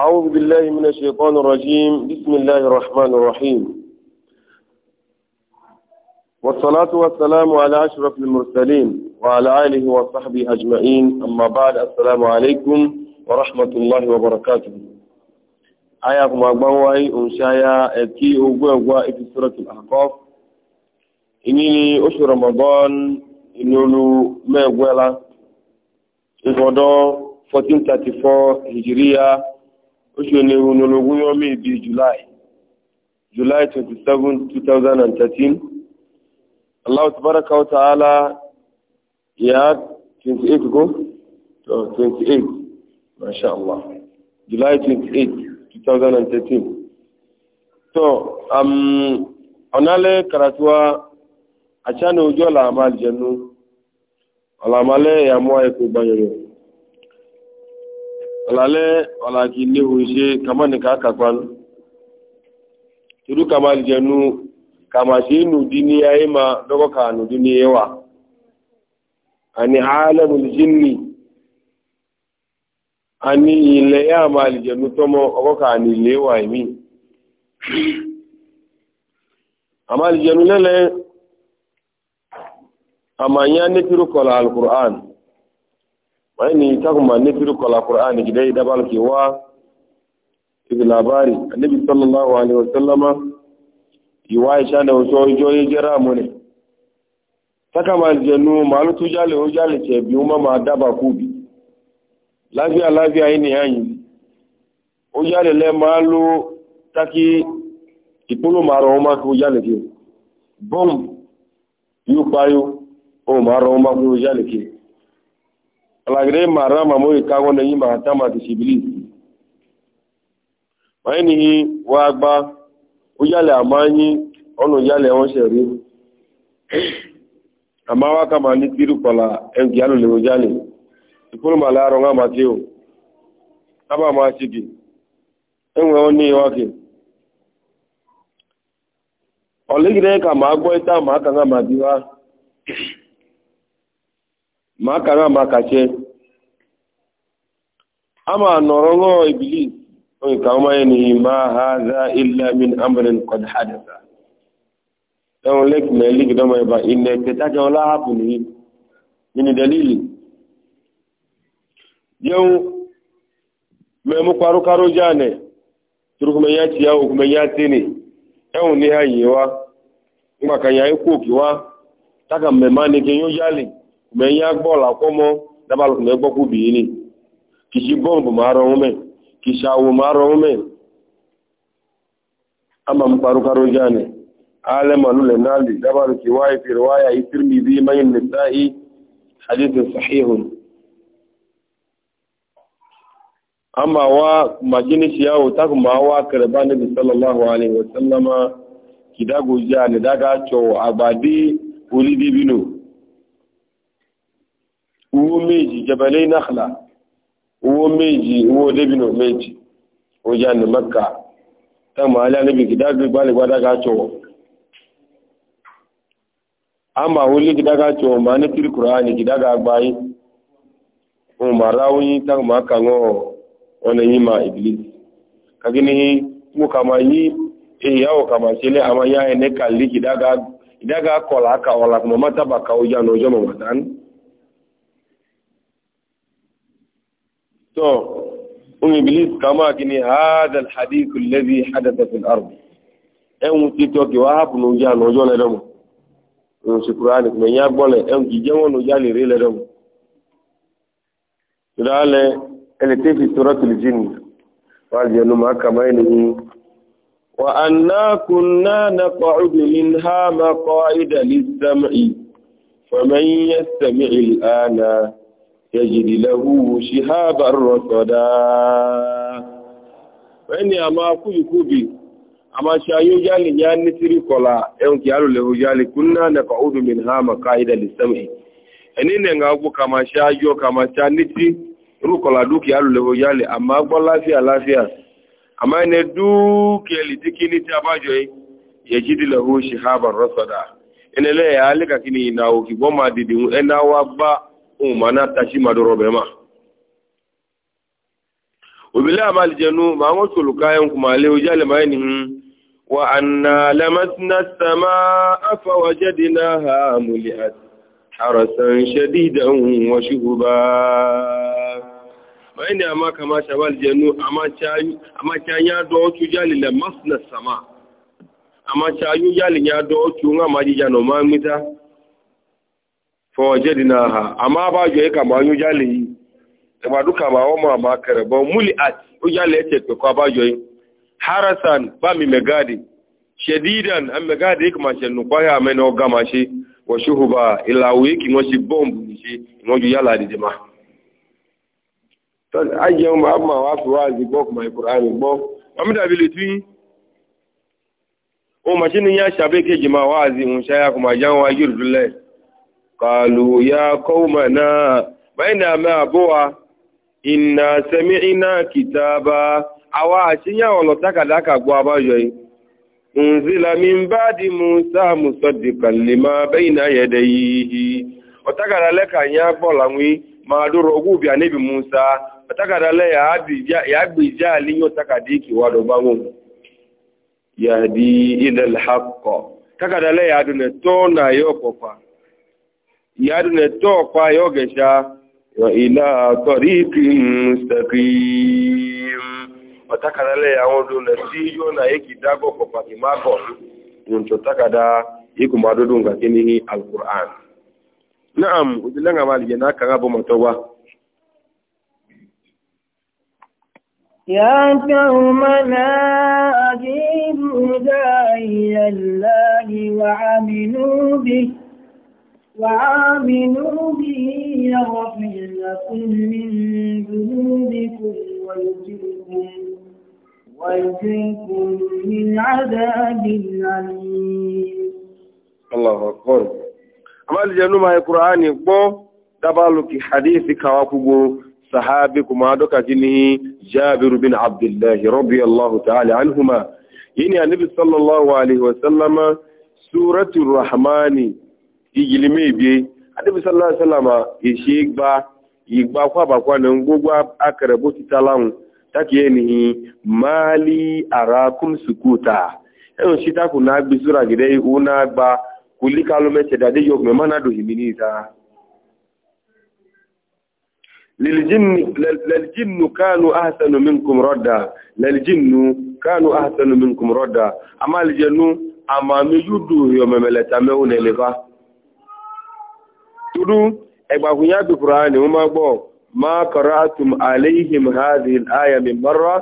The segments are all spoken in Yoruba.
أعوذ بالله من الشيطان الرجيم بسم الله الرحمن الرحيم والصلاة والسلام على أشرف المرسلين وعلى آله وصحبه أجمعين أما بعد السلام عليكم ورحمة الله وبركاته آياتكم أقبواي أنشايا أتي أقوى في سورة الأحقاف إني أشهر رمضان إنه ما أقوى 1434 هجرية oṣù onírúurú yọmí bíi july july twenty seven two thousand and thirteen allah tabaraka wa ta'ala ya twenty eight ko twenty masha allah july 28, 2013. two thousand so um, onale karatuwa achana ojú ọ̀la àmà jẹnu ọ̀la àmàlẹ́ ìyàmú ayẹ̀kọ́ ìgbànyẹ̀rẹ̀ lalɛ ɔlaki nehu se kama ni ka kakpan turu kama jɛnu kama se nu dini ayi ma dɔgɔ ka nu dini ye wa ani alamu jinni ani ilẹ̀ yà ma alijanu tɔmɔ ɔkɔ ka ni le wa mi ama alijanu lɛlɛ ama alukur'an wani takuma ne firu kola qur'ani gidai da balki wa ibi labari annabi sallallahu alaihi wasallama iwa isha da wasu ojo ya jira mu ne takama aljanu malu tujale o jale ce bi uma ma daba kubi lafiya lafiya yi ne yanyi o jale le malu taki ipulu maro o ma ko jale ki bom yu payo o maro o ma ko jale ki alagre mara ma moyi kago na yi ma ta ma ti sibili ma yi nihi wa gba o yale ama yi ọnu yale wọn ṣe rí ama wa kama ni tiru kpala ẹnki alu le o yale ìkúrò ma la arọ ma ti o aba ma ti gi enwe ọ ní wa ke ka ma agbọ ita ma aka nga ma di wa ma aka nga ma kache. ama norongo iblis on kama yani ma hadha illa min amrin qad hadatha don lek me lig do may ba inne ke ta jo la habu ni ni dalili yau me mu kwaru karo jane turu kuma ya ci yawo kuma ya tini yau ni hayewa kuma kan yayi kokiwa taka me mani ke yo jali kuma ya gbola komo dabal kuma gboku bi ni kìí bọ́ǹbù máa rọrùn mẹ́ kìí ṣàwò máa rọrùn mẹ́ a ma ń parúkarú jáni alẹ́mọ̀lú lẹ́nàlì dábàrù kí wáyé fi rọwáyà ìtìrìmì bí mayin nìsáì hadithin sahihun a ma wá majini ṣiyáwó takù ma wá kẹrẹbá níbi sallallahu alaihi wasallama owó méjì owó débìnà méjì ó yá ní mẹ́ka táwọn alẹ́ níbi kìdágbé gbálégbádága tó wọ̀ a máa wọlé kìdága tó wọ̀ máa ní kìrìkùrà ní kìdága agbáyé wọn máa ráwọ́ yín táwọn máa kà wọ́n ọ̀nà yín máa ìbílẹ̀ kagini mo kama yí èyí àwọ̀ kama ṣẹlẹ̀ àwọn ẹ̀ ní kàlí kìdága kọ̀ọ̀lá kà ọ̀là kùmọ̀ mọ́tàbà yá ní ọjọ́ mọ̀mọ́tàn. to um iblis kama kini hadha alhadith alladhi hadatha fil ard en ti to ki wa habnu ya no jo le dum um si qur'an ko nya gbole en ki je wonu ya le re le dum dale ele te fi suratul jinn wal jinnu ma kama ni wa anna kunna naq'udu minha maq'ida lis-sam'i faman yastami' al-ana yẹjìdì lẹ́hu ṣìhábà rọ̀sọ̀dá ẹni àmà kúyùkúbì àmà ṣe ayójáàlì yá ní tírí kọlá ẹun kí alùlẹ̀hu jáàlì kúnná nẹ̀kọ̀ ọdún mi ha màkà ìdàlì sẹ́mì ẹni nẹ̀ngà agbó kàmà ṣe ayọ́ kàmà ṣe ní tí rúkọlá dúkìá alùlẹ̀hu jáàlì àmà gbọ́ láfíà láfíà àmà ẹni dúkìá lì tí kí ní tí abájọ yẹjìdì lẹ́hu ṣìhábà rọ̀sọ̀dá ẹni lẹ́yà alẹ́kàkí ni ìnà òkìgbọ́n máa dìdì ohun ma na tashi ma doro be ma obìnrin àmà àlìjẹnu màá wọn sòlù káyọ̀ nkùmà lé ojú àlẹ́mà ẹni wa àna lẹ́mẹ́tínà sàmà afọwọ́jẹ́dínà ha àmúlẹ̀ àrọ̀sán ṣẹ́dídà ń wọ́n ṣubú bá. báyìí ni àmà kàmá ṣàbà àlìjẹnu àmàcháyà dọ́ tó jálè lẹ́mẹ́tínà sàmà àmàcháyà jálè yà dọ́ tó ń àmàjíjà nà fawajadnaha amma ba jo yaka e ma nyu jale yi e ba duka ba o ma ma kare ba muli at o jale te pe ko ba jo yi harasan ba mi megadi shadidan am megadi e kuma shen no kwa ya me no gama shi wa shuhuba ila wiki mo shi ni shi ju yala di ma aje o ma ma wa fi wa zi gbọ́ kuma qur'an gbọ́ amida bi ni ya shabe ke jima wa zi un shaya kuma قالوا يا قومنا بينما بوا إنا سمعنا كتابا أوا أشياء ولو تكدك أبوا أنزل من بعد موسى مصدقا لما بين يديه وتكدك لك يا بولانوي ما دور أبوبي نبي موسى وتكدك يا أبي يا أبي جالي وتكدك ودبانو يهدي إلى الحق تكدك يا دون تونا يوكوفا yadu ne to kwa yogesha wa ila tariqin mustaqim watakana le àwọn do ne si yo na yiki dago ko pati mako nun to takada yiku madudu ngakini alquran na'am udilanga mali na kanga bo matowa يا قومنا أجيبوا داعي الله وعملوا به وآمنوا به يغفر لكم من ذنوبكم ويجركم ويجركم من عذاب أليم الله أكبر أما الجنة ما القرآن يقبو دبالك حديث كواكبو صحابي كما دوكا جنه جابر بن عبد الله رضي الله تعالى عنهما يعني النبي صلى الله عليه وسلم سورة الرحمن ijili mebie adịbụ sallallahu alaihi wasallam eshi gba igba kwaba kwana ngwugwa akara botitala nwụ take nihi mali arakum sukuta ẹnu e ṣíta kù náà gbé sóra gẹ̀dẹ́ ihò náà gba kùlíkà ló mẹ́sẹ̀ dàdé yọ mẹ́mọ́ náà dòhì mí ní ìta lẹ́lìjínú káànù áhàsánù minkum rọ́dà lẹ́lìjínú káànù áhàsánù minkum rọ́dà àmàlìjẹnú yúdù yọ mẹ́mẹ́lẹ́ta mẹ́hùn ẹ̀lẹ́fà tudu egbahunya bi qur'ani uma gbo ma qara'atum alaihim hadhihi al-aya min marra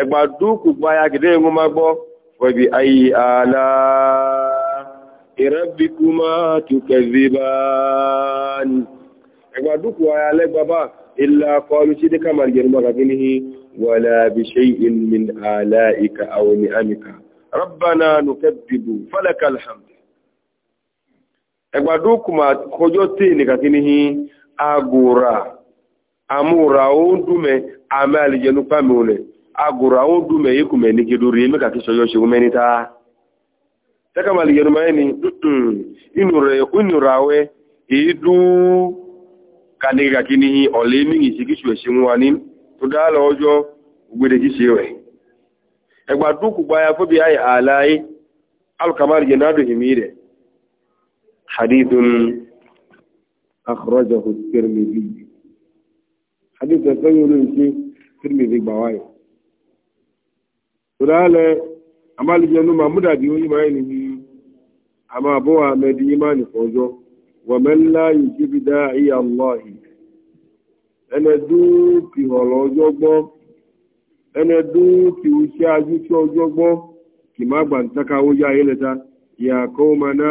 egbadu ku gbaya gide uma gbo wa bi ayi ala rabbikuma tukazziban egbadu ku aya le baba illa ẹgbàdo kuma kọjọ tẹ nìkàkíní hi agora amúra òun dùmẹ àmì àlìjẹnu pàmì òun agora òun dùmẹ ikùmẹ nìkẹdọrẹ èmi kàkí sọjọ ṣe wọmẹni ta tẹkàmà àlìjẹnu máa ní ìnura wẹ èédú kàníkàkíní hi ọ̀lẹ́ mi ìṣe kìṣù ẹ̀ṣẹ̀ wọn ni tó dá lọ ọjọ́ ògbèdè ṣíṣe rẹ̀ ẹgbàdo kùgbà ya fóbi àyà àlàyé alùkàmà àlìjẹnu adùn ìmí rẹ̀ حديث أخرجه الترمذي حديث تقول إنك الترمذي بواي سؤال أما الجنة ما مدى ديوني ما يلي أما أبوها مدي إيمان فوجو ومن لا يجيب داعي الله أنا دوكي هلو جوبو أنا دوكي وشاجو شو جوبو كما بانتكا وجا إلتا يا قومنا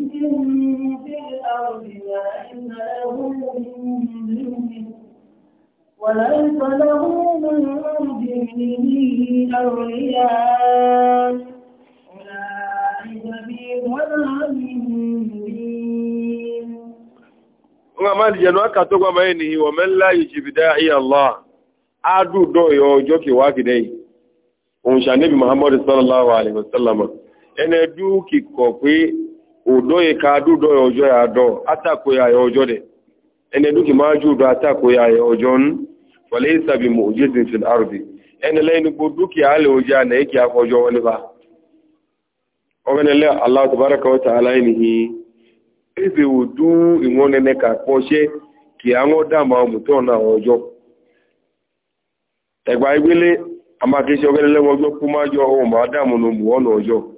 بهم في الأرض وأن له من دونه gbọmọ ẹni wọ mẹ́lá ìṣìbìdá ayé Allah, á dùdọ̀ yọ ọjọ́ kìwá kìdẹ̀ yìí. Òun ṣàníbi Muhammadu sallallahu alaihi wasallam, ẹni ẹdú kìkọ̀ pé udo ye ka du do ojo ya do atako ya ojo de ene duki maju do atako ya ojo n walaysa bi mu'jizin fil ardi ene lain bu duki ale ojo na yake akojo wani ba ogene le allah tabaraka wa ta'ala inihi ebe udu inwone ne ka pose ki awon da ma mu na ojo egba igbele ama ke se ogene le wo gbo ku majo o ma da mu no mu ona ojo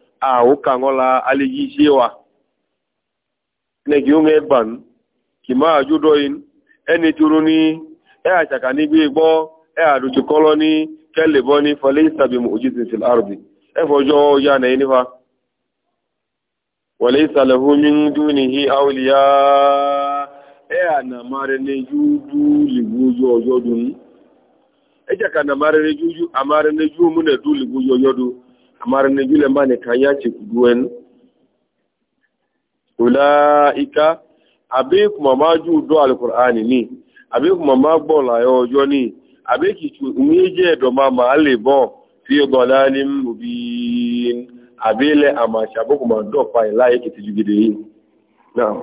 a o kaŋo la aliji sewa negi ume gban kima aju doyin ẹni turu ni ẹ àṣàkà ní gbé gbọ́ ẹ àdùtù kọ́lọ́ ní kẹ́lẹ̀bọ́ ní fọlẹ́ ìsàbí òjìṣẹ́ sí àrùbí ẹ fọjọ́ ya nà ẹni fa wọlé ìsàlẹ̀ fún dúnì hí áwùlíyá ẹ ànàmárẹ ní jújú lìgbójú ọjọ́ mare ẹ jẹ́ kànàmárẹ ní jújú àmárẹ ní jújú múnẹ̀ dún lìgbójú ọjọ́ dùn amarne jule mane kanyachi kuduen ulaika abe kuma maju do alqur'ani ni abe kuma magbo la yojo ni abe kichu umeje do mama alebo fi dalalim mubin abele ama shabu kuma do pa ilaiki tijugide yi na'am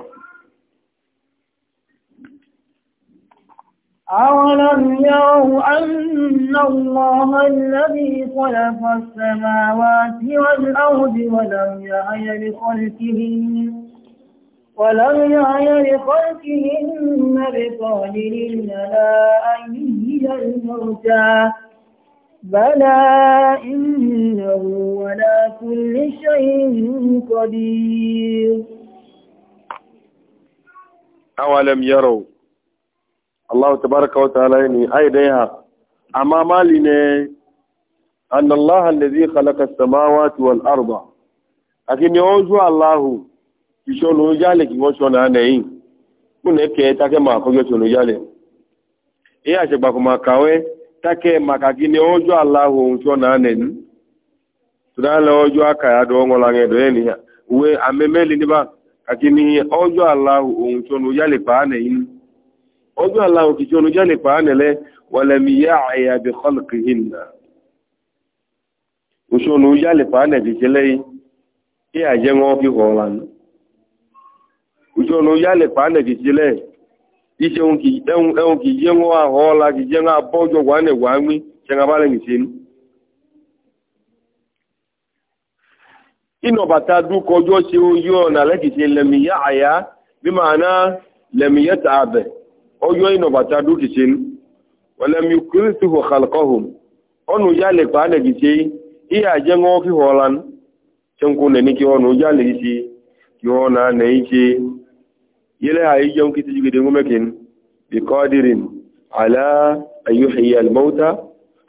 أولم يروا أن الله الذي خلق السماوات والأرض ولم يعي لخلقهن ولم يعي لخلقهن بقادرين على أن يهي الموتى بلى إنه ولا كل شيء قدير أولم يروا Allah tabaraka wa ta'ala ne ai dai ha amma mali ne anna Allah allazi khalaqa as-samawati wal arda akini o ju Allah ki so lo jale ki won so na nei kun e ke ta ke ma ko jo lo jale e a se gba ko ma kawe ta ke ma ka kini o ju Allah o so na nei to da lo ju aka ya do won la nge do e ni ya we amemeli ni ba akini o ju Allah o so lo jale pa nei ojú àlà òkìkí onújẹ́ nípa ánìlẹ́ wọlẹ̀míyà àyàbí kọlùkì hìnnà òṣòlù yà lè pa ánìlẹ́ kìkí lẹ́yìn kí àjẹ́ wọn fi hàn wà ní òṣòlù yà lè pa ánìlẹ́ kìkí lẹ́yìn iṣẹ́ ẹ̀hún kì yé wọn àhọ́ ọ̀la kì yé wọn abọ́jọ wà ní wàá wí ṣẹ́ńgá bá ní. inú bàtà dúkọjọ́ ṣe ojú ọ̀nà lẹ́kìṣe lẹ́mìyà àyà bí màá ná lẹ́mìyà tààbẹ̀ oyo ino bata du kisin wala mi kultu khalqahum onu yale pa ne kisi iya jengo fi holan chenku ne niki onu yale kisi yona ne iki yele ayi jom kiti jigide ngumekin bi qadirin ala ayuhyi al mauta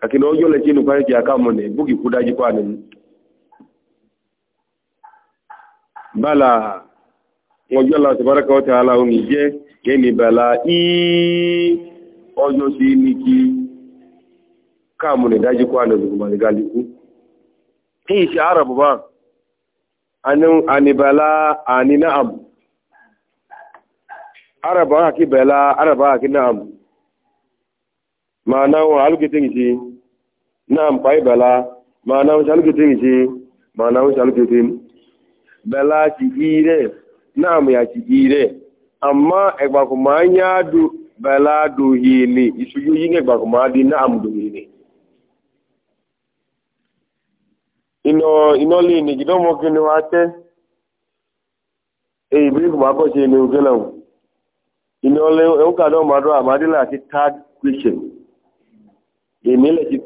akini oyo le chinu kwa ki akamone buki kudaji kwa ne bala ngojola tabaraka wa taala ungi je gịnị bala ọjọ́ sí ní kí káàmù ní dájí kó ànà ìgbìmọ̀ ní gálíkú kí ìṣẹ́ arabu ba anibala anina a. arabu aka kí bala arabu aka kí na'am ma náà wọn alùkìtìn pa ìbala ma náà wọn alùkìtìn ma náà wọn alùkìtìn bala ti ire na'am ya ti amma egbakuma anya du bala du hili isuju yin egbakuma di na amdu hili ino ino le ni gido mo kini e ibi kuma ko se ni ogela wu ino le e o do e, ma tag question ti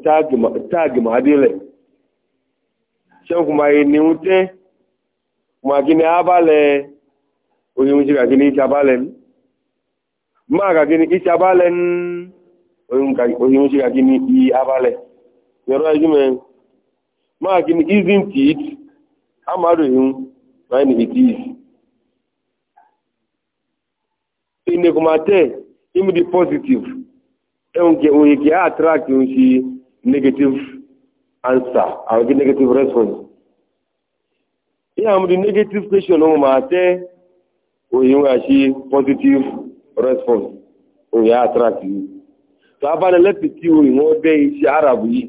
kuma onye nwuchi ka gịnị icha balen mma ka gịnị icha balen onye nwuchi ka gịnị iyi abale yọrọ ya gịme ma gịnị izi ntị it amadu ihu na ịnị iti izi inekumate imi dị positive enke onye ke attract nwuchi negative answer and negative response ihe amụdị negative question ụmụ ma tee òyìn wá sí positive response òyìn attract yìí tó abánilẹ́pì tí òyìn wọ́n dé iṣẹ́ arab yìí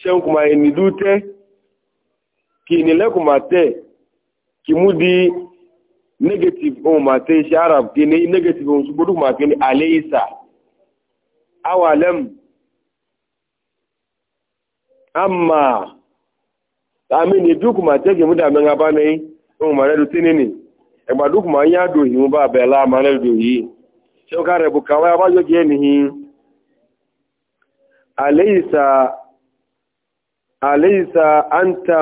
ṣẹ́hùn kùmà ìnìdú tẹ́ kì ìnìlẹ́kùmà tẹ́ kì mú di negative ohun mà tẹ́ iṣẹ́ arab kì ní negative ohun ṣùgbọ́n kùmà kì ní alẹ́ ìsà awà lẹ́mù amma ta mini duk ma tege mu da men abane ohun ma redu tinini ẹgbàdúkù máa ń yá dòyìn mú bá abẹ́lá máa ń dòyìn ṣé ó ká rẹ̀ bù kàwé abájọ́ jẹ́ nìyí àǹtà àìdẹ́ ya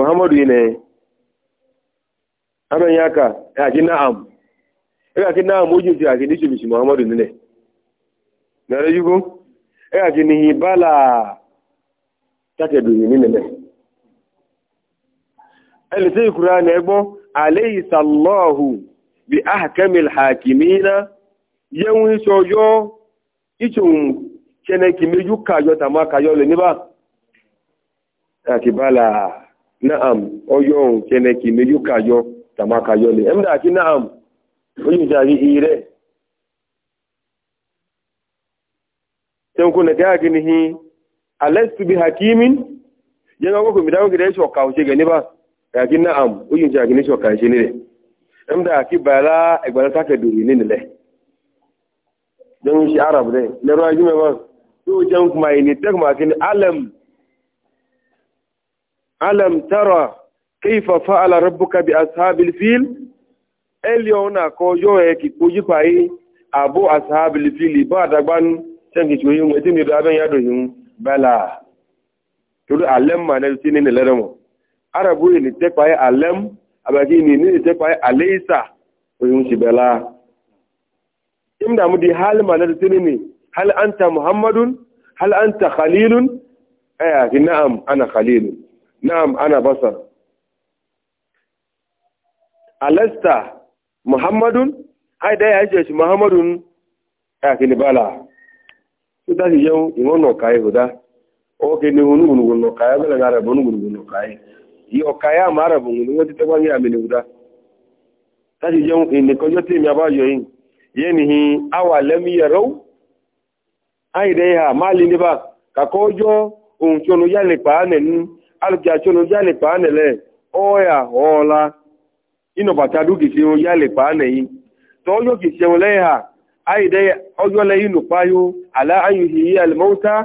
muhammadu yìí nẹ̀ abẹ́yìn aka na'am kí na'am ó si, àti níṣu muhammadu nílẹ̀ nàrẹ́ yúgbó ẹ̀ka kí nìyí bá ẹlẹ́tẹ́ ìkùránì ẹgbọ́ aléìsàlọ́ọ̀hù bí ahàkẹ́mìl hakimina yẹ́wọ́n ìṣọ́yọ́ ìṣòhun kẹ́nẹ́kìmẹ́jú kàyọ tàmá kàyọ lè níbà àkìbálà naam ọyọ́ ohun kẹ́nẹ́kìmẹ́jú kàyọ tàmá kàyọ lè ẹ̀mdà àti naam oyúnjàrí e ìrẹ́ yàgì náà àmù ó yìí ń ṣe àgì níṣọ kà ń ṣe nílẹ̀ ẹ̀mdà àti bàálà ẹ̀gbàlá sákẹ̀dù rì nílẹ̀ jẹun ṣe arab rẹ̀ lẹ́rọ ayé mẹ́wàá yóò jẹun kùmà ìní tẹ́kùmà kí ni alam alam tara kéfà fa ala rabbuka bi ashabil fil ẹlẹ́ọ̀ náà kọ yọ ẹ̀ kì kó yí pa yìí àbó ashabil fil ìbá àdàgbánu sẹ́ǹkì ṣòwò yìí mú ẹtí mi dọ̀ abẹ́yìn adùn yìí bẹ́ẹ̀ la torí alẹ́ mọ̀ arabu ni tekpaye alem abaki ni ni tekpaye aleisa oyun sibela imda mu di hal manar tinini hal anta muhammadun hal anta khalilun aya ki na'am ana khalilun na'am ana basar alasta muhammadun ai da ya ce muhammadun aya ki ni bala su da yau in wannan kai guda o ke ni hunu hunu kai bala na rabu hunu hunu kai yí ọ̀ka ya maara bụ ní wọ́n ti tẹ́gbọ́n ní àmì nìwúdá láti jẹun ìnìkanjọ́ tí èmi àbáyọ yìí yé ni hin awà lẹ́mí ẹ̀rọ àìdẹ́ ìhà máa lè níbà kakọ ọjọ ohun tí ọ̀nà yálè pàánẹ̀ ní alùpùpù àti inú bàtà ohun yìí àlá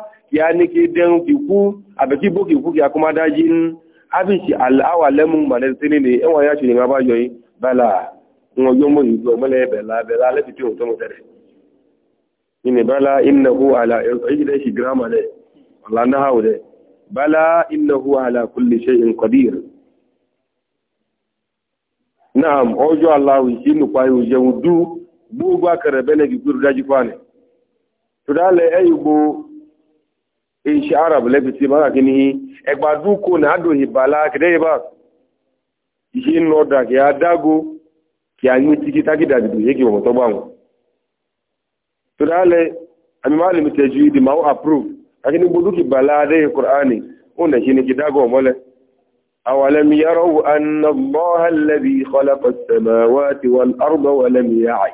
á ní kú kú ní abisi awa lẹ́mú ne sílé ni ẹwọ̀n yá ma bá yọ yín bẹ́lá wọn yóò mọ̀ ìgbọ́ mọ́lẹ́ bẹ̀lá bẹ̀lá lẹ́bi tí òun tó mọ̀ ala ìní bẹ́lá ìnáwó àlà èyí lẹ́sì gírámà lẹ̀ ọ̀là náà hàwù lẹ̀ bẹ́lá ìnáwó ala kulli shay'in qadir. naam ọjọ́ yi ìṣe nùpa yóò jẹun dú gbogbo akẹrẹ bẹ́lẹ̀ daji iṣẹ́ arab lẹ́fìsí máa kí ní ẹgbàdúkò náà dò ìbàlá kìdẹ́yìnbá iṣẹ́ ń ọ̀dà kí a dágó kí a ní tíkí tákìdá dìbò yé kí wọ́n tọ́gbà wọn. tó dáálẹ̀ àmì máa lè mi tẹ̀jú ìdí máa ó approve kí ní gbódú kì bàlá adé kùránì ó nà ṣe ni kí dágó ọmọlẹ̀. أولم يروا أن الله الذي خلق السماوات والأرض ولم يعي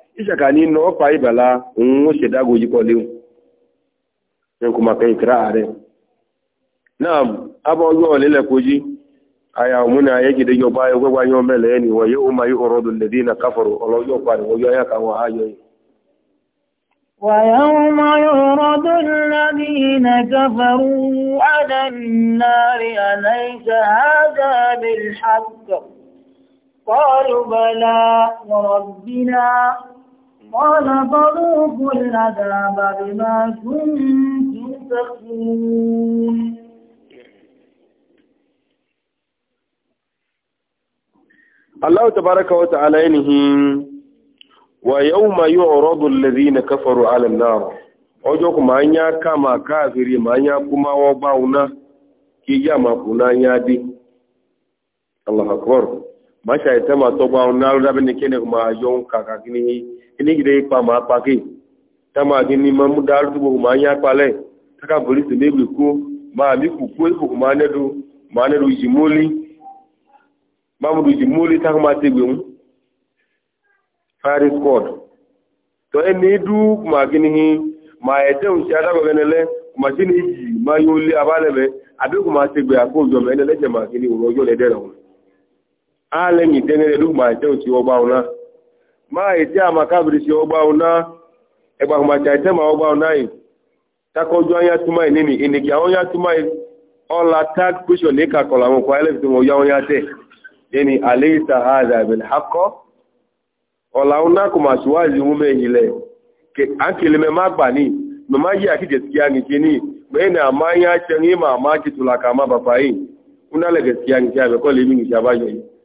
ìṣàkà ní iná ibala ìbàlá òun dago ṣẹ̀dágo yíkọ léwu ẹn kò máa kẹ́ ìkìrá ààrẹ náà abọ́ ọjọ́ ọ̀lẹ́lẹ̀ kojú aya òmúnà ayégede yọba ẹgbẹ́gbà ẹni wọ́n yóò máa yí na káfọ̀rọ̀ ọlọ́jọ́ kan ويوم الذين كفروا على النار أليس هذا بالحق قالوا بلى وربنا قال فذوقوا العذاب بما كنتم تكفرون الله تبارك وتعالى ينهي ويوم يعرض الذين كفروا على النار ọjọ́ kò máa ń yá ká máa káàkiri máa ń yá kú máa wọ́n bá uná kí yá máa kù náà yá dé. Allah akbar masha ita ma to gwa na ruda bin ke ne kuma yon kaka kini ini gide pa ma pa ki ta ma gini ma mu da rubu ma ya pa le ta ka buri se mebi ku ma mi ku ku ku ma ne du ma ne du jimuli ma mu du jimuli ta ma e e te gbe faris code to eni du ma gini ma ete un ti ada gbe ne le ma gini ji ma yo le abale be abi ku ma se gbe akojo me ne le je ma gini uro yo le de ro alengi tenere duma te uti ogba una ma ite amakabiri si ogba una egba kuma cha ite ma ogba una yi takoju anya tuma nini iniki awon ya tuma yi ola tag pusho ne ka kola mo kwa ele bitungo ya onya te yani alaysa hadha bil haqq ola una kuma suwazi mume ile ke akile me magba ni me maji akije sikia ni kini bena amanya chengi ma maji tulaka ma baba yi una le gaskiya ni ya be ko le mi ni ya ba yi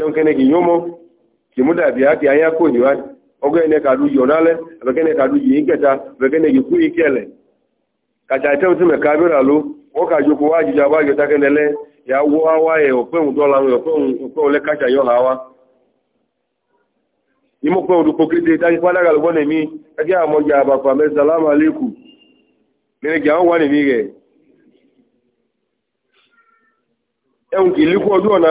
shan kene gi yomo ki muda biya ki anya ko ni wa ogo ene ka du yonale be kene ka du yi ngeta be kene gi ku ikele ka ja te utume kabira lu o ka ju ku wa ji ja wa ge ta kene le ya wo awa e o pe un dola o pe un ko le ka ja yo wa ni mo pe o du ko kete ta ni pala ga mi ka ja mo ja ba pa me salamu alaikum ni wa mi ge ẹun e kì í líkú ọdún ọ̀nà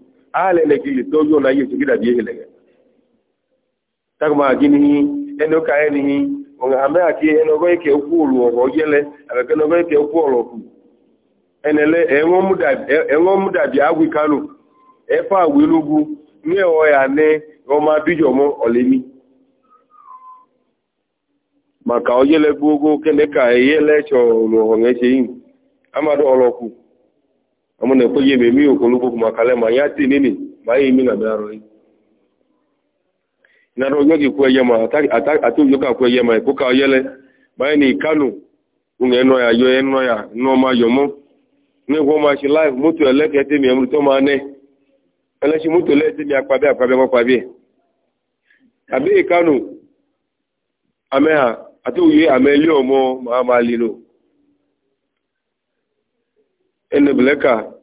alele kili to yo na ye sikida bi hele takma gini eno ka eni onga ame aki eno go ike ukulu ogo yele abeke no go ike ukulu oku enele enwo muda enwo e muda bi agwi kanu efa awilugu ni o ya ne o ma bijo mo mi. maka oyele gbogo kene ka eyele cho lo onge Ama yin amado oloku ọmọ náà kó yé mi mí òkú olóko kùmà kalẹ̀ mà yá tì nínì má yé mi nàbẹ́ àrọ̀ yìí. ìnáwó ọjọ́ kì í kú ẹyẹ mà àti òjò kà kú ẹyẹ mà ẹ̀kọ́ ká ọyẹ lẹ má yẹ ní kánò ń ẹnu ayọ ẹnu ayà ní ọmọ ayọ mọ́ ní ìwọ́n máa ṣe láì mọ́tò ẹlẹ́kẹ̀ẹ́ tèmi ẹ̀mú tó máa nẹ́ ẹlẹ́ṣin mọ́tò ẹlẹ́kẹ̀ẹ́ tèmi apabẹ́ apabẹ́ wọ́n pabẹ́ àbí ìkánò amẹ́hà àti òye in the blacker.